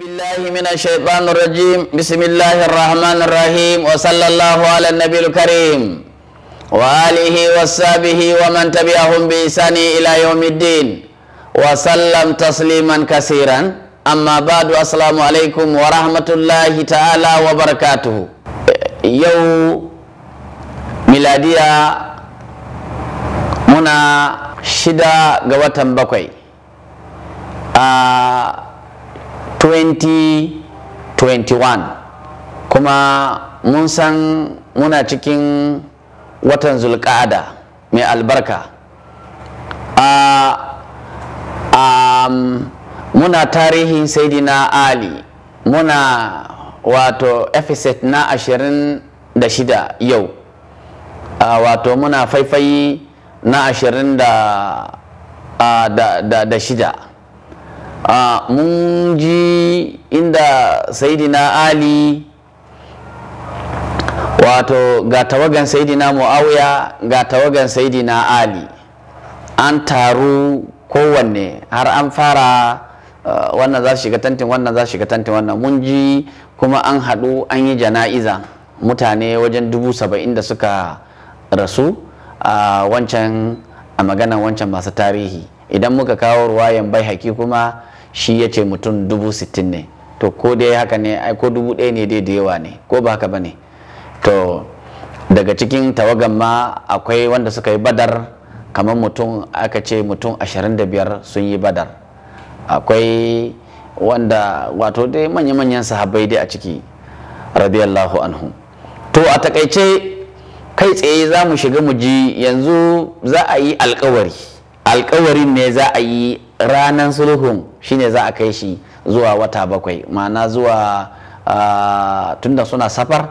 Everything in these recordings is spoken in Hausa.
بالله من الشيطان الرجيم بسم الله الرحمن الرحيم وصلى الله على النبي الكريم وآله وصحبه ومن تبعهم بإحسان إلى يوم الدين وسلم تسليما كثيرا أما بعد السلام عليكم ورحمة الله تعالى وبركاته يو ميلادية منا شدا غواتم بكوي آه 2021 kuma mun san muna cikin watan zulƙada mai albarka a um, muna tarihin saidina ali muna wato ephesus na ashirin da yau uh, wato muna faifayi na ashirin da, uh, da, da shida mun ji inda sayidina ali wato ga tawagan sayidina mu'awiya ga tawagan sayidina ali an taru kowanne har an fara uh, wannan za shiga tantin wannan za shiga tantin wannan mun ji kuma an haɗu an yi jana'iza mutane wajen dubu saba'in da suka rasu a uh, wancan a maganan wancan masu tarihi idan muka kawo ruwayan bai haki kuma shi ya ce mutum dubu sittin ne to ko dai haka ne ai ko dubu ɗaya ne dai da yawa ne ko ba haka ba ne to daga cikin tawagan ma akwai wanda suka yi badar kamar mutum aka ce mutum ashirin da biyar sun yi badar akwai wanda wato dai manya-manyan sahabbai dai a ciki radiyallahu anhu to a takaice kai tsaye za mu shiga mu ji yanzu za a yi alkawari alkawarin ne za a yi ranar sulhun shine za a kai shi zuwa wata bakwai ma'ana zuwa tunda suna safar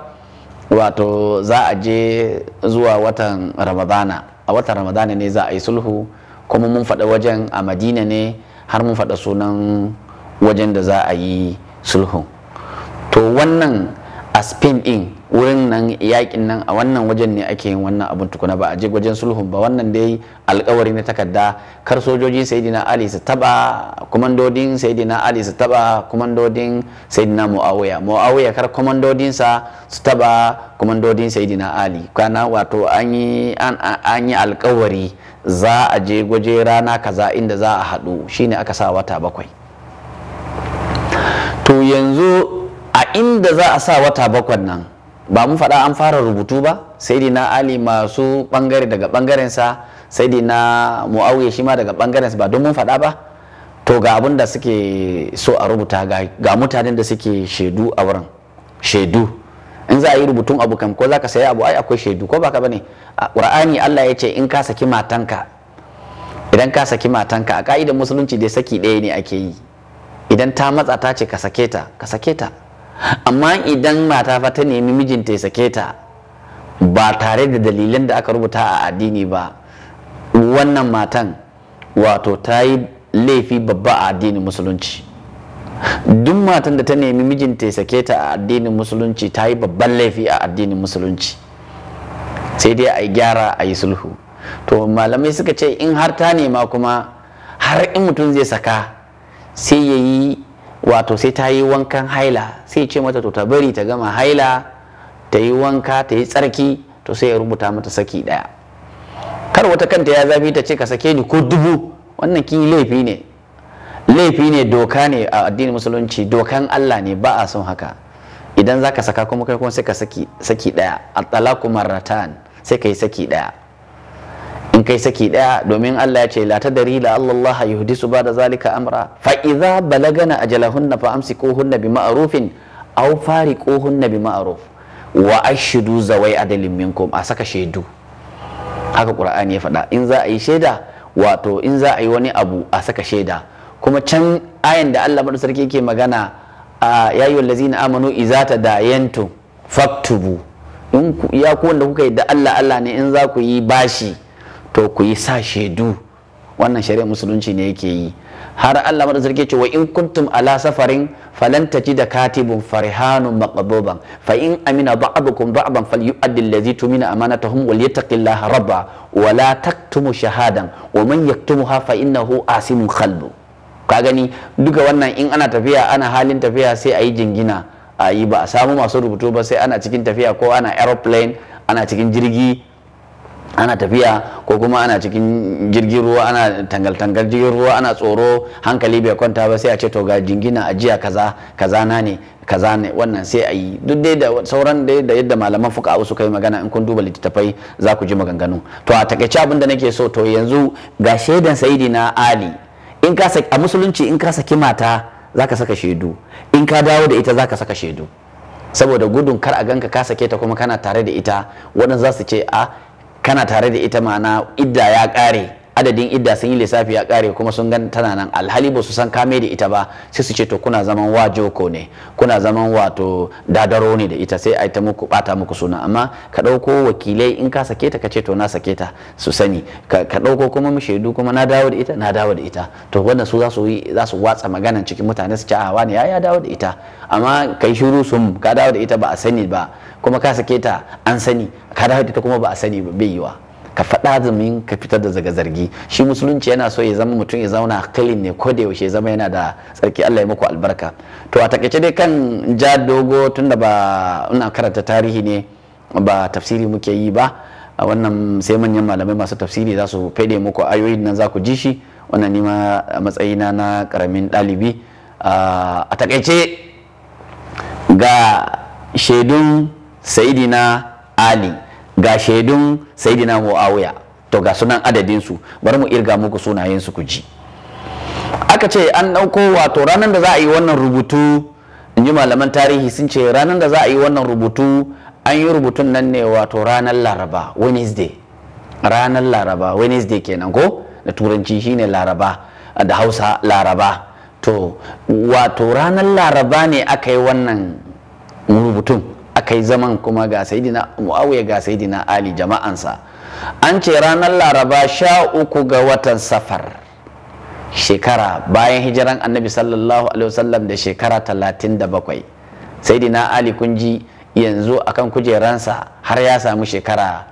wato za a je zuwa watan ramadana a watan ramadana ne za a yi sulhu kuma mun faɗa wajen a madina ne har mun faɗa sunan wajen da za a yi sulhun to wannan a spain din wurin nan yakin nan a wannan wajen ne ake yin wannan abin tukuna ba a je wajen sulhun ba wannan dai alkawari na takarda kar sojoji saidina ali su taba komandodin saidina ali su taba komandodin saidina muawiya muawiya kar komandodin sa su taba komandodin saidina ali kana wato an yi an yi alkawari za a je gwaje rana kaza inda za a haɗu shine aka sa wata bakwai to yanzu a inda za a sa wata bakwai nan ba mu faɗa an fara rubutu ba sai na ali masu ɓangare daga sa sai na mu'awiya shi ma daga ɓangarensa ba don mun faɗa ba to ga abin da suke so a rubuta ga mutanen da suke shaidu a wurin shaidu in za a yi rubutun abu kan ko za ka sayi abu ai akwai shaidu ko baka bane a qur'ani Allah ya ce in ka saki matanka idan ka saki matanka a ka'idar musulunci dai saki ɗaya ne ake yi idan ta matsa ta ce ka sake ta ka sake ta amma idan mata fa ta nemi mijinta ya sake ta ba tare da dalilan da aka rubuta a addini ba wannan matan wato ta yi laifi babba a addinin musulunci duk matan da ta nemi mijinta ya sake ta a addinin musulunci ta yi babban laifi a addinin musulunci sai dai a yi gyara a yi sulhu to malamai suka ce in har ta nema kuma har in mutum zai saka sai ya yi wato sai ta yi wankan haila sai ce mata to ta bari ta gama haila ta yi wanka ta yi tsarki to sai ya rubuta mata saki daya kar wata kanta ya zafi ta ce ka sake ni ko dubu wannan kin yi laifi ne laifi ne doka ne a addinin musulunci dokan Allah ne ba a son haka idan zaka saka kuma kai kuma sai ka saki saki daya at-talaqu marratan sai ka saki daya in kai saki daya domin Allah ya ce la dari la Allah bada ba da zalika amra fa idza balagana ajalahunna fa amsikuhunna bi ma'rufin aw fariquhunna bi ma'ruf wa ashhadu zawai adalin minkum a saka shaidu haka qur'ani ya faɗa in za a yi shaida wato in za a yi wani abu a saka shaida kuma can ayan da Allah madu sarki yake magana a yayu allazina amanu idza tadayantum faktubu in ya ku wanda kuka yi da Allah Allah ne in za ku yi bashi to ku yi sa shaidu wannan shari'ar musulunci ne yake yi har Allah madar sarki ce wa in kuntum ala safarin falan da katibun farihanun maqbuban fa in amina ba'dukum ba'dan falyu'addi allazi tumina amanatahum wal rabba wa la taktumu shahadan wa man yaktumuha fa innahu asimun khalbu ka gani duka wannan in ana tafiya ana halin tafiya sai a yi jingina a yi ba a samu masu rubutu ba sai ana cikin tafiya ko ana aeroplane ana cikin jirgi ana tafiya ko kuma ana cikin jirgin ruwa ana tangal-tangal jirgin ruwa ana tsoro hankali bai kwanta ba sai a ce to ga jingina ajiya kaza kaza na ne kaza ne wannan sai a yi duk dai da sauran dai da yadda malaman fuka su kai magana in kun duba littattafai za ku ji maganganu to a takaice abin da nake so to yanzu ga shaidan sayidi na ali in ka a musulunci in ka saki mata zaka saka shaidu in ka dawo da ita zaka saka shaidu saboda gudun kar a ganka ka sake ta kuma kana tare da ita waɗanda za su ce a ah, kana tare da ita ma'ana idda ya ƙare adadin idda sun yi lissafi ya kare kuma sun gan tana nan alhali ba su san kame da ita ba sai su ce to kuna zaman wa joko ne kuna zaman wato dadaro ne da ita sai a ta muku bata muku suna amma ka dauko wakilai in ka sake ta ka ce to na sake ta su sani ka dauko kuma mu shaidu kuma na dawo da ita na dawo da ita to wannan su za su yi za su watsa maganan cikin mutane su ce a wani ya ya dawo da ita amma kai shiru sun ka dawo da ita ba a sani ba kuma ka sake ta an sani ka dawo da ita kuma ba a sani ba bai yiwa ka faɗa domin ka fitar da zaga zargi shi musulunci yana so ya zama mutum ya zauna kalin ne ko da yaushe zama yana da tsarki Allah ya muku albarka to a takaice dai kan ja dogo tunda ba ina karanta tarihi ne ba tafsiri muke yi ba a wannan sai manyan malamai masu tafsiri za su faɗe muku ayoyin nan za ku ji shi wannan nima a matsayina na karamin ɗalibi a takaice ga shaidun sayidina ali ga shaidun Saidina muawiya to ga sunan adadin su bari mu irga muku sunayen su ku ji aka ce an ɗauko wato ranar da za a yi wannan rubutu in ji malaman tarihi sun ce ranar da za a yi wannan rubutu an yi rubutun nan ne wato ranar laraba wednesday ranar laraba wednesday kenan ko da turanci shine laraba da hausa laraba to wato ranar laraba ne aka yi wannan rubutun Akai zaman kuma ga sayidina muawiya ga sayidina ali jama'ansa an ce ranar laraba sha uku ga watan safar shekara bayan hijiran annabi sallallahu alaihi wasallam da shekara talatin da bakwai sayidina ali kun ji yanzu akan kujeransa har ya samu shekara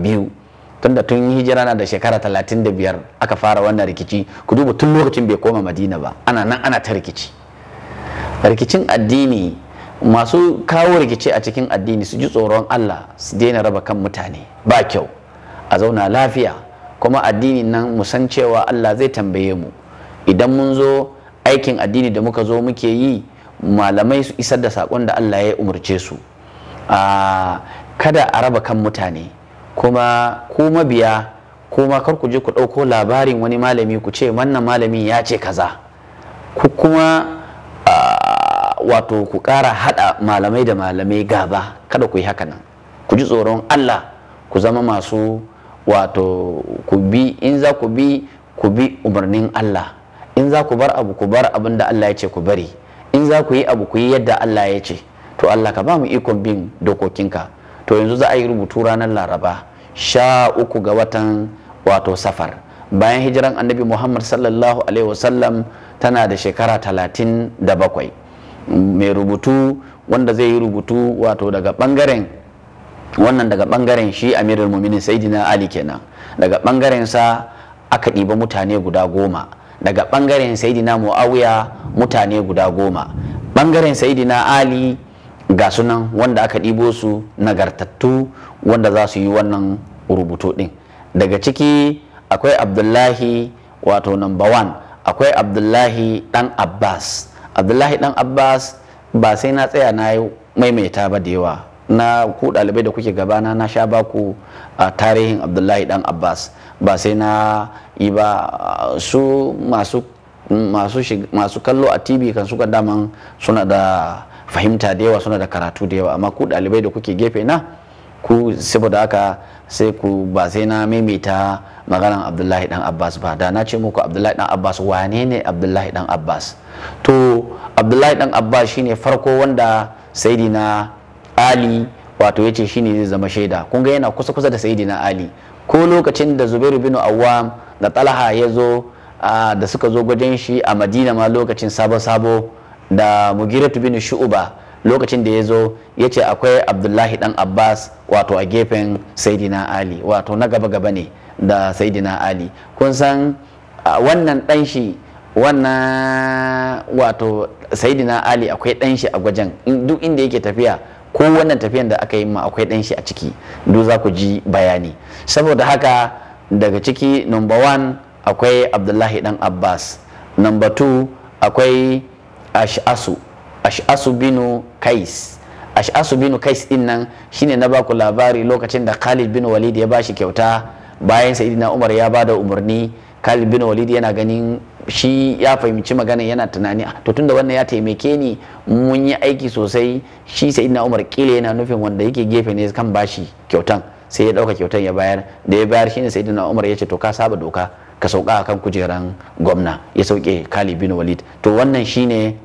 biyu tunda tun hijira na da shekara talatin da biyar aka fara wannan rikici ku duba tun lokacin bai koma madina ba ana nan ana ta rikici rikicin addini masu kawo rikici a cikin addini su ji tsoron Allah su daina raba kan mutane ba kyau a zauna lafiya kuma addini nan mu san cewa Allah zai tambaye mu idan mun zo aikin addini da muka zo muke yi malamai su isar da saƙon da Allah ya umarce su kada a raba kan mutane kuma ku mabiya kuma kar ku je ku ɗauko labarin wani malami ku ce wannan malamin ya ce kaza ku kuma wato ku ƙara haɗa malamai da malamai gaba kada ku yi haka nan ku ji tsoron allah ku zama masu wato ku bi in za ku bi ku bi umarnin allah in za ku bar abu ku bar abin da allah ya ce ku bari in za ku yi abu ku yi yadda allah ya ce to allah ka ba mu ikon bin dokokinka to yanzu za a yi rubutu ranar laraba sha uku ga watan wato safar bayan hijiran annabi muhammad sallallahu alaihi wasallam tana da shekara talatin da bakwai mai rubutu wanda zai yi rubutu wato daga bangaren wannan daga bangaren shi amirul muminin saidina ali kenan daga bangaren sa aka ɗiba mutane guda goma daga bangaren saidina muawiya mutane guda goma bangaren saidina ali ga sunan wanda aka ɗibo su nagartattu wanda za su yi wannan rubutu ɗin daga ciki akwai abdullahi wato number one akwai abdullahi ɗan abbas abdullahi dan abbas ba sai na tsaya na yi maimaita ba da yawa na ku ɗalibai da kuke gabana na sha baku a tarihin abdullahi dan abbas ba sai na yi ba su masu masu kallo a tv kan suka daman suna da fahimta da yawa suna da karatu da yawa amma ku ɗalibai da kuke gefe na ku saboda haka sai ku ba sai na maimaita maganan abdullahi dan abbas ba da na ce muku abdullahi dan abbas wane ne abdullahi dan abbas to abdullahi dan abbas shine farko wanda saidina ali wato yace shine zai zama shaida kun ga yana kusa kusa da saidina ali ko lokacin da zubairu bin awwam da talha ya zo da suka zo gwajin shi a madina ma lokacin sabo sabo da mugiratu bin shu'uba lokacin da ya zo ya ce akwai abdullahi dan abbas wato a gefen saidina ali wato na gaba gaba ne da saidina ali kun san wannan dan shi wannan wato saidina ali akwai dan shi a gwajen duk inda yake tafiya ko wannan tafiyan da aka yi ma akwai dan shi a ciki duk za ku ji bayani saboda haka daga ciki number one akwai abdullahi dan abbas number two akwai ash'asu ash'asu binu kais ash'asu binu kais din nan shine na baku labari lokacin da khalid bin walid ya bashi kyauta bayan saidina umar ya bada umarni khalid bin walid yana ganin shi ya fahimci magana yana tunani ah, to tunda wannan ya taimake ni mun yi aiki sosai shi saidina umar kila yana nufin wanda yake gefe ne kan bashi kyautan sai ya dauka kyautan ya bayar da ya bayar shine saidina umar ya ce to ka saba doka ka sauka akan kujeran gwamna ya sauke khalid bin walid to wannan shine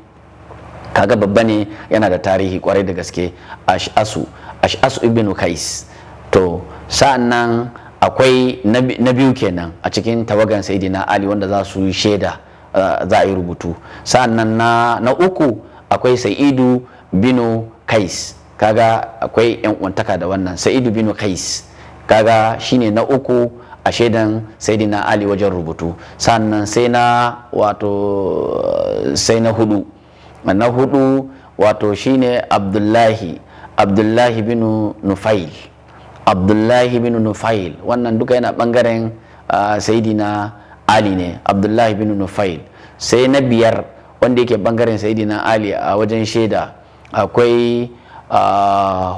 kaga babba ne yana da tarihi kwarai da gaske ash'asu ash'asu ibn kais to sa'annan akwai na biyu kenan a cikin tawagan saidina ali wanda za su yi shaida za a yi rubutu sa'annan na na uku akwai sa'idu binu kais kaga akwai yan uwantaka da wannan sa'idu binu kais kaga shine na uku a shaidan saidina ali wajen rubutu nan sai na wato sai na hudu na hudu wato shine abdullahi abdullahi binu nufail abdullahi binu nufail wannan duka yana bangaren saidina ali ne abdullahi binu nufail sai na biyar wanda yake bangaren saidina ali a wajen shaida akwai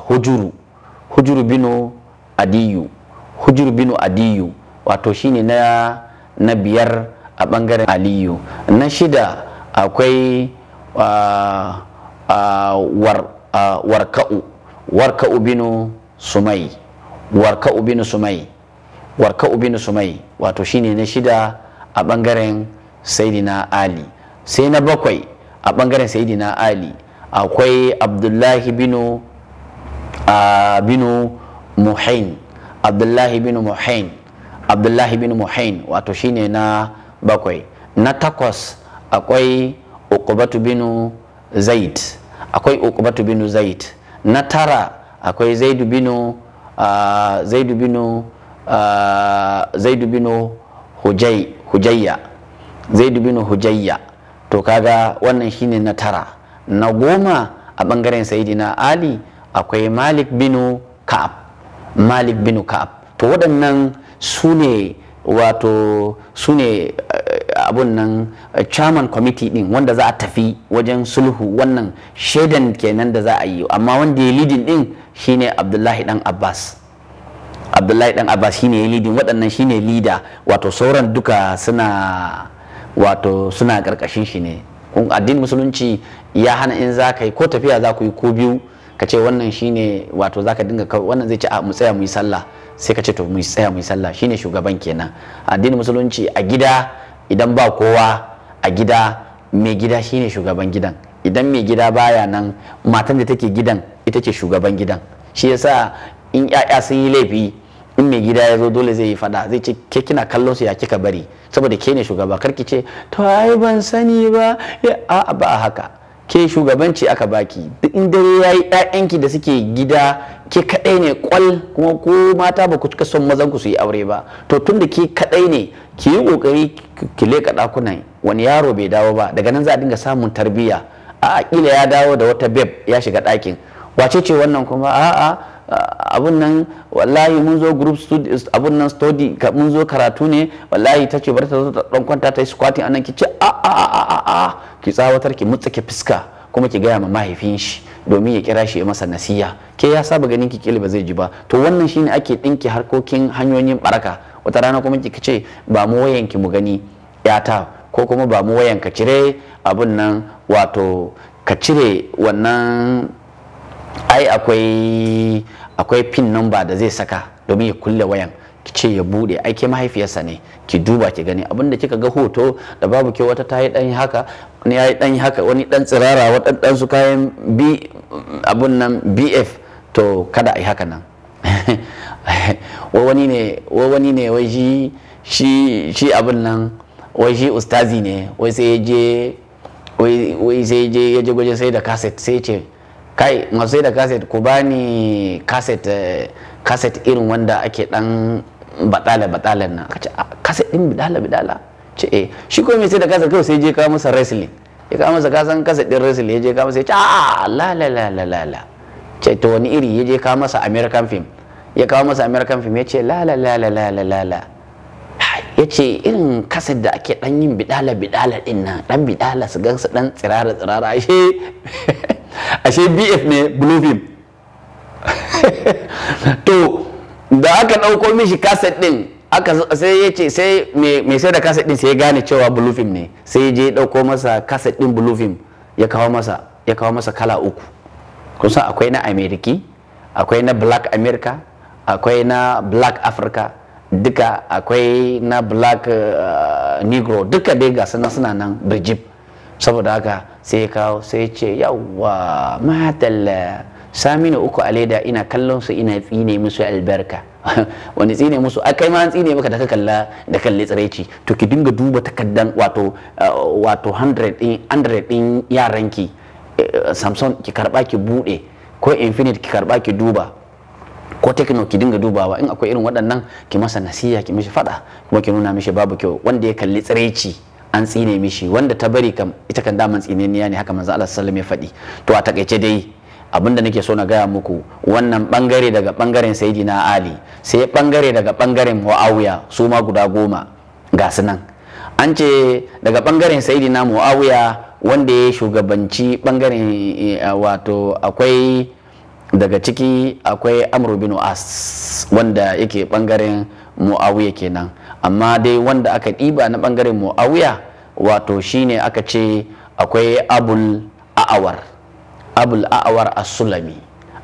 hujuru hujuru binu adiyu hujuru binu adiyu wato shine na biyar a bangaren aliyu na shida akwai warka'u warka'u binu sumai warka'u binu sumai warka'u binu sumai wato shine na shida a bangaren sayidina ali sai na bakwai a bangaren sayidina ali akwai abdullahi binu binu muhain abdullahi binu muhain abdullahi binu muhain wato shine na bakwai na takwas akwai uqbatu binu zaid akwai uqbatu binu zaid na tara akwai zaidu binu uh, zaidu binu uh, zaidu binu hujay, hujayya zaidu binu hujayya to kaga wannan shine na tara na goma a bangaren sayidina ali akwai malik binu ka'ab malik binu ka'ab to waɗannan su ne wato su ne abun nan eh, chairman committee din wanda za a tafi wajen sulhu wannan shaidan kenan da za a yi amma wanda ya leading din shine abdullahi dan abbas abdullahi dan abbas shine ya leading waɗannan shine leader wato sauran duka suna wato suna ƙarƙashin shi ne addinin musulunci ya hana in za ka yi ko tafiya za ku yi ko biyu ka ce wannan shine wato zaka dinga wannan zai ce a mu tsaya mu yi sallah sai ka ce to mu tsaya mu yi sallah shine shugaban kenan addinin musulunci a gida idan ba kowa a gida mai gida shine shugaban gidan idan mai gida baya nan matan da take gidan ita ce shugaban gidan shi yasa in 'ya'ya sun yi laifi in mai gida ya zo dole zai yi fada zai ce ke kina kallon su ya kika bari saboda ke ne shugaba karki ce to ai ban sani ba a ba haka ke shugabanci aka baki duk in dare ya yi ɗayanki da suke gida ke kaɗai ne ƙwal, kuma ko mata ba ku cika son mazan ku su yi aure ba to tun da ke kaɗai ne ki yi ƙoƙari ki leƙa ɗakunan wani yaro bai dawo ba daga nan za a dinga samun tarbiyya a ƙila ya dawo da wata beb ya shiga ɗakin wace ce wannan kuma a'a abun nan wallahi mun zo group study abun nan study mun zo karatu ne wallahi tace ce bari ta zo ta dan kwanta ta yi squatting anan ki ce a a a a a ki tsawatar ki mutsake fiska kuma ki gaya ma mahaifin shi domin ya kira shi ya masa nasiya ke ya saba ganin ki kila ba zai ji ba to wannan shine ake dinki harkokin hanyoyin baraka wata rana kuma ki ce ba mu wayan ki mu gani yata ko kuma ba mu wayan ka cire abun nan wato ka cire wannan ai akwai akwai pin number da zai saka domin ya kulle wayan ki ce ya bude ai ke mahaifiyarsa ne ki duba ki gani abinda kika ga hoto da babu ke wata ta yi dan haka wani yayi yi dan haka wani dan tsirara wa dan su kayan b abun nan bf to kada ai haka nan wani ne wani ne wai shi shi shi abin nan wai shi ustazi ne wai sai je wai sai je ya je gwaje sai da cassette sai ce kai masu da kaset ku bani kaset kaset eh, irin wanda ake dan batala batalan nan kace kaset ah, din bidala bidala ce eh shi ko mai sai da kaset kawai sai je kawo masa wrestling ya kawo masa kasan kaset din wrestling ya je kawo masa ya ce a ah, la la la la la ce to wani iri ya je kawo masa american film ya kawo masa american film ya ce la la la la la la la ya ce irin kaset da ake dan yin bidala bidala din nan dan bidala su gansu dan tsirara tsirara ashe ashe bf ne bluebeam to da aka ɗauko mishi kaset ɗin aka sai ya ce sai mai sai da kaset ɗin sai ya gane cewa bluebeam ne sai ya je ɗauko masa kaset ɗin bluebeam ya kawo masa ya kawo masa kala uku kun san akwai na ameriki akwai na black america akwai na black africa duka akwai na black uh, negro duka dai ga suna nan birjib saboda haka sai ya kawo sai ya ce yawwa matalla saminu uku a leda ina kallon su ina tsine musu albarka wani tsine musu a kai ma an tsine maka da ka kalla da kalle tsiraici to ki dinga duba takardan wato eh, wato 100 din 100 din samson ki karba ki bude ko infinite ki karba ki duba ko tekno ki dinga dubawa in akwai irin waɗannan ki masa nasiya ki mishi fada kuma ki nuna mishi babu kyau wanda ya kalli tsiraici an tsine mishi wanda ta bari kam ita kan daman tsineniya ne haka manzo Allah sallallahu ya faɗi to a takaice dai abinda nake so na gaya muku wannan bangare daga bangaren sayyidina Ali sai bangare daga bangaren Muawiya su ma guda goma ga nan an ce daga bangaren sayyidina Muawiya wanda ya shugabanci bangaren eh, eh, wato akwai daga ciki akwai amru bin As wanda yake bangaren Muawiya kenan amma dai wanda aka ɗiba na ɓangaren mu'awiya wato shine aka ce akwai abul a'awar abul a'awar asulami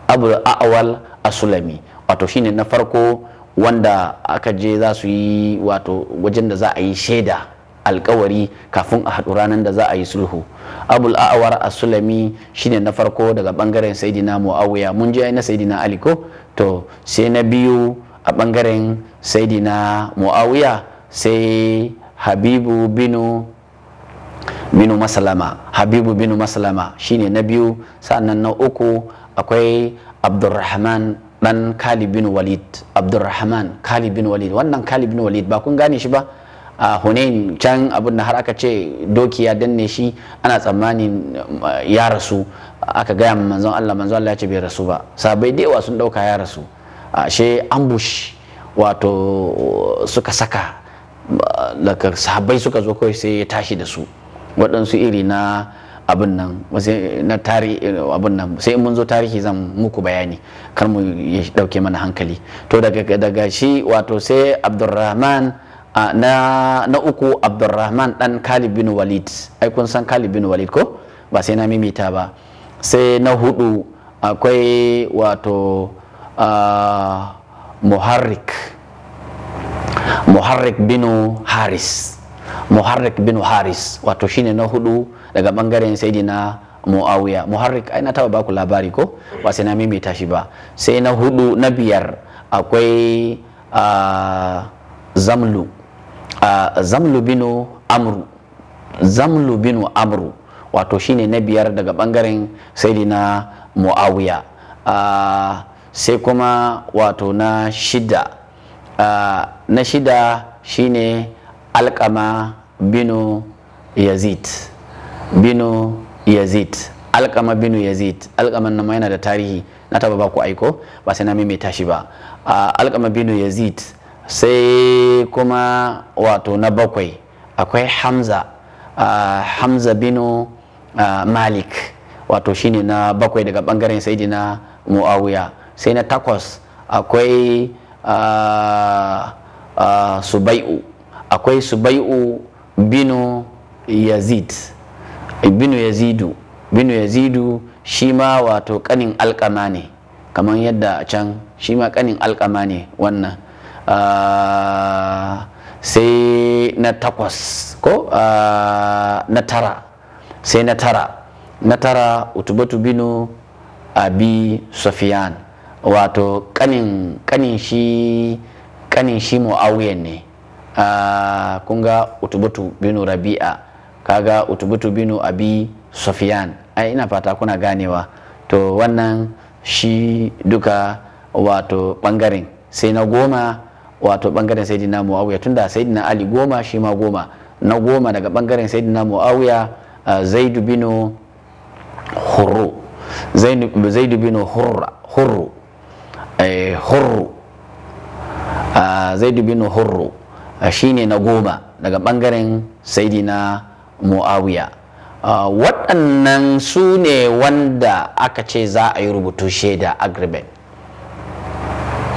abul a'awar asulami wato shine na farko wanda aka je za su yi wato wajen da za a yi shaida alkawari kafin a haɗu ranar da za a yi sulhu abul a'awar asulami shine na farko daga ɓangaren saidina muawiya mun je na saidina ali ko to sai na biyu a ɓangaren saidina muawiya sai habibu binu binu masalama habibu binu masalama shine na biyu sannan na uku akwai abdurrahman dan Khalid bin Walid Abdurrahman Khalid bin Walid wannan Khalid bin Walid ba kun gane shi ba a Hunain can abin da har aka ce doki ya danne shi ana tsammanin ya rasu aka gaya manzon Allah manzon Allah ya ce bai rasu ba sabai dewa sun dauka ya rasu ashe ambush wato suka saka daga sahabbai suka zo kawai sai ya tashi da su waɗansu iri na abin nan na tarihi abin nan sai mun zo tarihi zan muku bayani kar mu ya dauke mana hankali to daga daga shi wato sai abdurrahman na na uku abdurrahman dan kalib bin walid ai kun san kalib bin walid ko ba sai na mimita ba sai na hudu akwai wato Uh, muharrik muharrik binu haris muharrik binu haris wato shine na hudu daga bangaren sayidina muawiya muharrik ai na taba baku labari ko ba sai na mimi shi ba sai na hudu na biyar akwai uh, zamlu uh, zamlu binu amru zamlu binu amru wato shine na biyar daga bangaren sayidina muawiya sai kuma wato na shida na shida shine alkama binu yazid binu yazid alkama binu yazid alkaman nan yana da tarihi na taba ba ku aiko ba sai na maimaita shi ba alkama binu yazid sai kuma wato na bakwai akwai hamza hamza binu malik wato shine na bakwai daga bangaren saidina muawiya sai na takwas akwai subai'u akwai subai'u binu yazid binu yazidu binu yazidu shi ma wato kanin alkama ne kamar yadda a can shi ma kanin alkama ne wannan sai na takwas ko na tara sai na tara na tara utubatu binu abi sofiyan wato kanin shi kanin shi mu'awiyan ne ah, kun ga utubutu binu rabi'a kaga utubutu binu abi sufyan ai ina fata kuna ganewa to wannan shi duka wato bangaren sai na goma wato bangaren dina muawiya tunda dina ali goma shi ma goma na goma daga bangaren dina muawiya ah, zaidu binu hurru hurra hurru Eh, hurru ah, dubi bin hurru ah, ne na goma daga bangaren saidina muawiya ah, waɗannan su ne wanda aka ce za a yi rubutu shaida agreement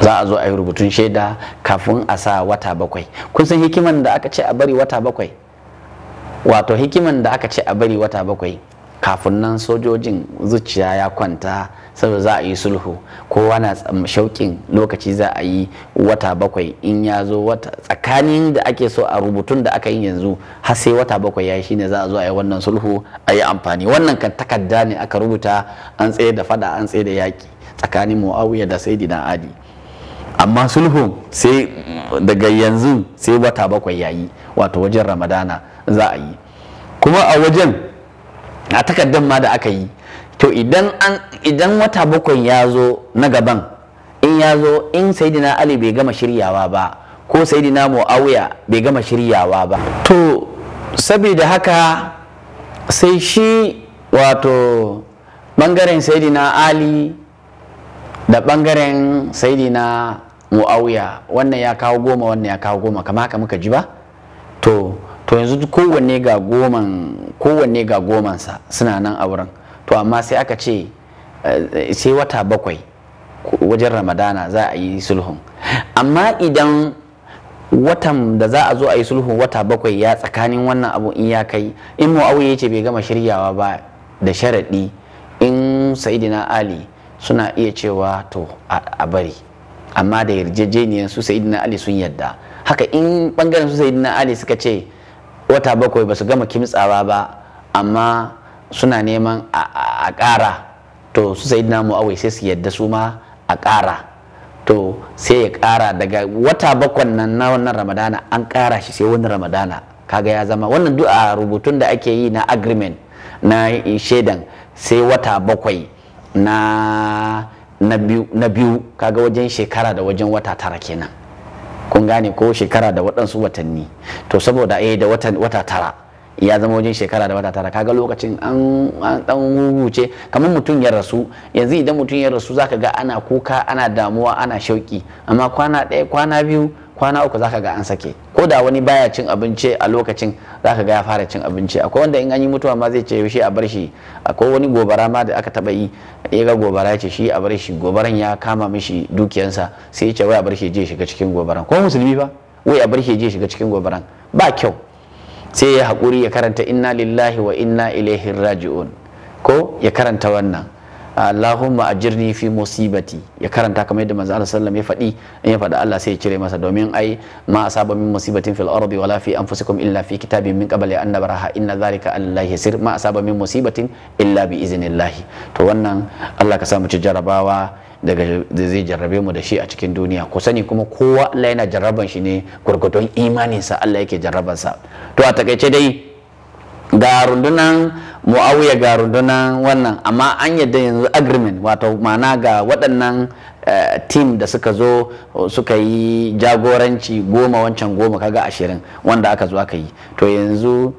za a zo a yi rubutun shaida kafin a sa wata bakwai kun san hikiman da aka ce a bari wata bakwai wato hikiman da aka ce a bari wata bakwai kafin nan sojojin zuciya ya kwanta saboda za a yi sulhu kowa na shauƙin lokaci za a yi wata bakwai in ya zo wata tsakanin da ake so a rubutun da aka yi yanzu har sai wata bakwai ya yi shine za a zo a yi wannan sulhu a yi amfani wannan kan takarda ne aka rubuta an tsaye da fada an tsaye da yaƙi tsakanin muawiya da sai na adi amma sulhu sai daga yanzu sai wata bakwai ya yi wato wajen ramadana za a yi kuma a wajen a takardar ma da aka yi to idan wata bakwai ya zo na gaban in ya zo in saidina ali bai gama shiryawa ba ko saidina muawiya bai gama shiryawa ba to saboda haka sai shi wato bangaren saidina ali da bangaren saidina muawiya wannan ya kawo goma wannan ya kawo goma kama haka muka ji ba to to yanzu kowanne ga goman kowanne ga gomansa suna nan a wurin to amma sai aka ce eh, sai wata bakwai wajen ramadana za a yi sulhun amma idan watan da za a zo a yi sulhun wata bakwai ya tsakanin wannan abu in ya kai in ya ce bai gama shiryawa ba da sharaɗi in sa'idina ali suna iya cewa to a bari amma da yarjejeniyar su sa'idina ali sun yadda haka in bangaren su sa'idina ali suka ce wata bakwai ba su gama kimtsawa ba amma suna neman a ƙara to su sai namu awai sai su yadda su ma a ƙara to sai ya ƙara daga wata bakwan nan na wannan ramadana an ƙara shi sai wani ramadana kaga ya zama wannan duk a rubutun da ake yi na agreement na shaidan sai wata bakwai na biyu kaga wajen shekara da wajen wata tara kenan kun gane ko shekara da waɗansu watanni to saboda a eh, da wata tara ya zama wajen shekara da wata tara ga lokacin an dan huce kamar mutum ya rasu yanzu idan mutum ya rasu zaka ga ana kuka ana damuwa ana shauki amma kwana ɗaya kwana biyu kwana uku zaka ga an sake ko da wani baya cin abinci a lokacin zaka ga ya fara cin abinci akwai wanda in an yi mutuwa ma zai ce yaushe a bar shi akwai wani gobara ma da aka taba yi ya ga gobara ce shi a bar shi gobaran ya kama mishi dukiyansa sai ya ce wai a bar shi je shiga cikin gobaran ko musulmi ba wai a bar shi je shiga cikin gobaran ba kyau sai ya haƙuri ya karanta inna lillahi wa inna ilaihi raji'un ko ya karanta wannan Allahumma ajirni fi musibati ya karanta kamar yadda manzo Allah sallallahu ya faɗi in ya faɗi Allah sai ya cire masa domin ai ma asaba min musibatin fil ardi wala fi anfusikum illa fi kitabin min qabli an nabraha inna dhalika allahi yasir ma asaba min musibatin illa bi iznillah to wannan Allah ka sa mu ci jarabawa daga zai jarrabe mu da shi a cikin duniya ku sani kuma kowa Allah yana jarraban shi ne gurgudun imaninsa Allah yake jarrabansa to a takaice dai ga rundunan muawiya ga rundunan wannan amma an yadda yanzu agreement wato ma'ana ga waɗannan tim eh, team da suka zo suka yi jagoranci goma wancan goma kaga ashirin wanda aka zo aka yi to yanzu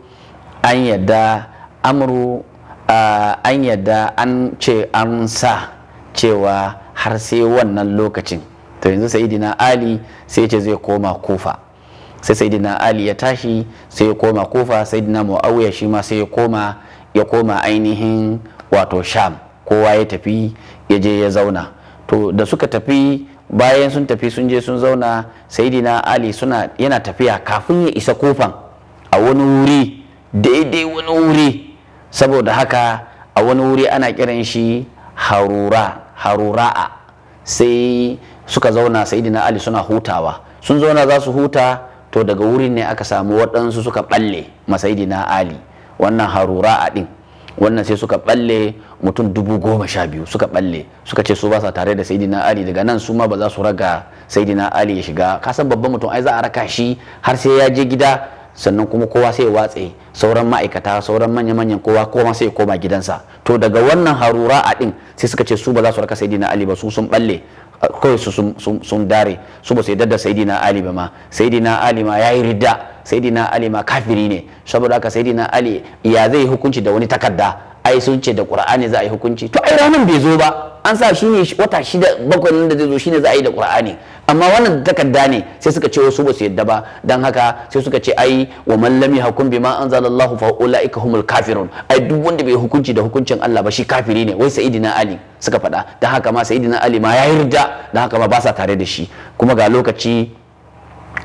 an yadda amuru eh, an yadda an ce an sa cewa har sai wannan lokacin to yanzu sayidina ali sai ce zai koma kufa sai sayidina ali ya tashi sai ya koma kufa sayidina muawiya shi ma sai ya koma ya koma ainihin wato sham kowa ya tafi ya je ya zauna to da suka tafi bayan sun tafi sun je sun zauna sayidina ali suna yana tafiya kafin ya isa kofan a wani wuri daidai wani wuri saboda haka a wani wuri ana kiran shi harura harura'a sai suka zauna sayidina ali suna hutawa sun zauna za su huta to daga wurin ne aka samu waɗansu suka ɓalle masayidina ali wannan harura'a ɗin wannan sai suka ɓalle mutum dubu goma sha biyu suka ɓalle suka ce su ba sa tare da saidina ali daga nan su ma ba za su raga saidina ali ya shiga kasan babban mutum ai za a raka shi har sai ya je gida sannan kuma kowa sai watse sauran ma'aikata sauran manya-manyan kowa kowa sai koma gidansa to daga wannan harura a din sai suka ce su ba za su raka saidina ali ba su sun balle kawai su sun dare su ba su yadda da saidina ali ba ma saidina ali ma yayi ridda saidina ali ma kafiri ne saboda haka saidina ali ya zai hukunci da wani takarda ai sun ce da qur'ani za a yi hukunci to ai ranar bai zo ba an sa shine wata shida bakwai da zai zo shine za a yi da qur'ani amma wannan takarda ne sai suka ce wasu ba su yadda ba dan haka sai suka ce ai wa man lam yahkum bima anzalallahu fa ulaika humul kafirun ai duk wanda bai hukunci da hukuncin Allah ba shi kafiri ne wai sayyidina ali suka faɗa dan haka ma sayyidina ali ma ya yarda dan haka ma ba sa tare da shi kuma ga lokaci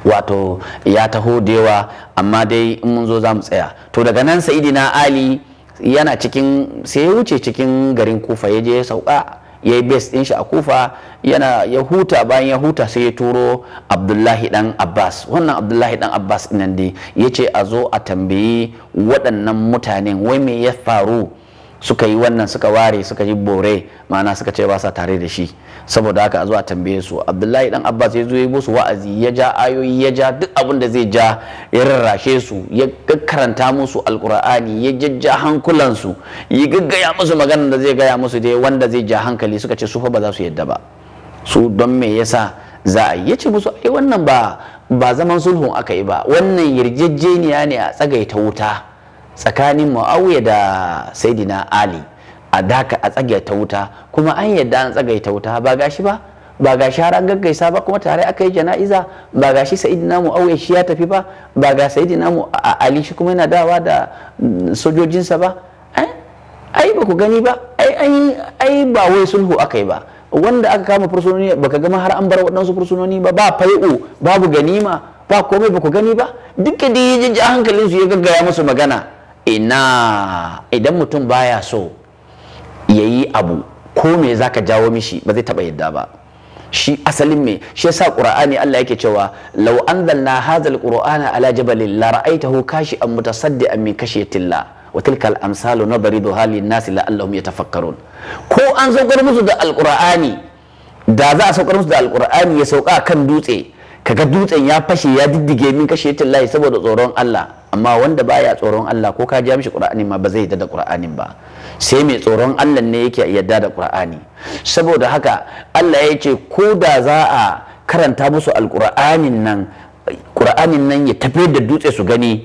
wato ya taho da yawa amma dai in mun zo za mu tsaya to daga nan sayyidina ali yana cikin sai ya wuce cikin garin kufa ya je ya sauka ya yi bes din shi a kufa yana ya huta bayan ya huta sai ya turo abdullahi dan abbas wannan abdullahi dan abbas nan dai ya ce a zo a tambayi waɗannan mutanen wai me ya faru suka yi wannan suka ware suka yi bore ma'ana suka ce ba sa tare da shi saboda haka a zuwa tambaye su abdullahi dan abbas ya zo ya musu wa'azi ya ja ayoyi ya ja duk abin da zai ja ya rarrashe su ya karanta musu alkur'ani ya jajja hankulansu ya gaggaya musu maganar da zai gaya musu dai wanda zai ja hankali suka ce su fa ba za su yadda ba su don me yasa za a yi ya ce musu ai wannan ba ba zaman sulhun aka yi ba wannan yarjejeniya ne a tsagaita wuta tsakanin ma'auya da saidina ali a daka a tsagaita wuta kuma an yadda an tsagaita wuta ba gashi ba ba ga sharan gaggaisa ba kuma tare aka yi jana'iza ba ga shi sa'idina auye shi ya tafi ba ba ga sa'idina ali shi kuma yana dawa da mm, sojojinsa ba eh? ai ba ku gani ba ai ba wai sulhu aka yi ba wanda aka kama fursunoni ba ka gama har an bar waɗansu fursunoni ba ba fai'u babu ganima ba komai ba ku gani ba duka da ya ji hankalinsu ya gaggaya musu magana ina idan mutum baya so ya yi abu ko me za ka jawo mishi ba zai taɓa yadda ba shi asalin me shi yasa qur'ani Allah yake cewa law anzalna hadzal qur'ana ala jabalin la ra'aytahu kashi'an mutasaddian min kashiyatilla wa tilka al-amsalu nadriduha lin-nasi la'allahum yatafakkarun ko an saukar musu da alqur'ani da za a saukar musu da alqur'ani ya sauka kan dutse kaga dutsen ya fashe ya diddige min kashe saboda tsoron Allah amma wanda baya tsoron Allah ko ka ja mishi Qur'ani ma ba zai yadda da Qur'ani ba sai mai tsoron Allah ne yake yadda da Qur'ani saboda haka Allah ya ce ko da za a karanta musu alqur'anin nan Qur'anin nan ya tafi da dutse su gani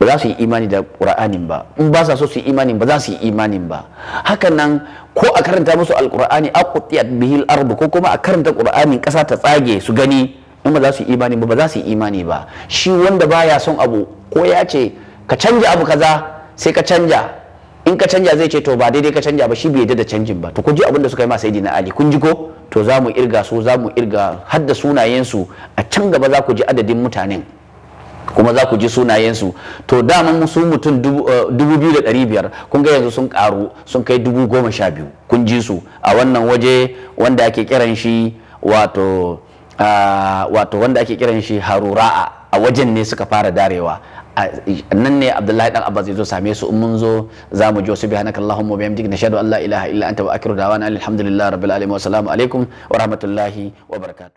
ba za su yi imani da qur'anin ba in ba sa so su yi imanin ba za su yi imanin ba hakan nan ko a karanta musu alqur'ani a bihil ardu ko kuma a karanta qur'anin ƙasa ta tsage su gani in ba za su yi imani ba ba za su yi imani ba shi wanda baya son abu ko ya ce ka canja abu kaza sai ka canja in ka canja zai ce to ba daidai ka canja ba shi bai yadda da canjin ba to kun ji abin da suka yi ma na ali kun ji ko to za mu irga su za mu irga har da sunayensu a can gaba za ku ji adadin mutanen kuma za ku ji sunayensu to dama su mutum eh, dubu biyu da ɗari biyar kun ga yanzu sun karu sun kai dubu goma sha biyu kun ji su a wannan waje wanda ake kiran shi wato wato wanda ake kiran shi harura'a a wajen ne suka fara darewa nan ne abdullahi dan abbas zai zo same su in mun zo za mu ji su bi hanaka allahumma bihamdika nashhadu an la ilaha illa anta wa akhiru dawana alhamdulillahi rabbil alamin wa salamu alaikum wa rahmatullahi wa barakatuh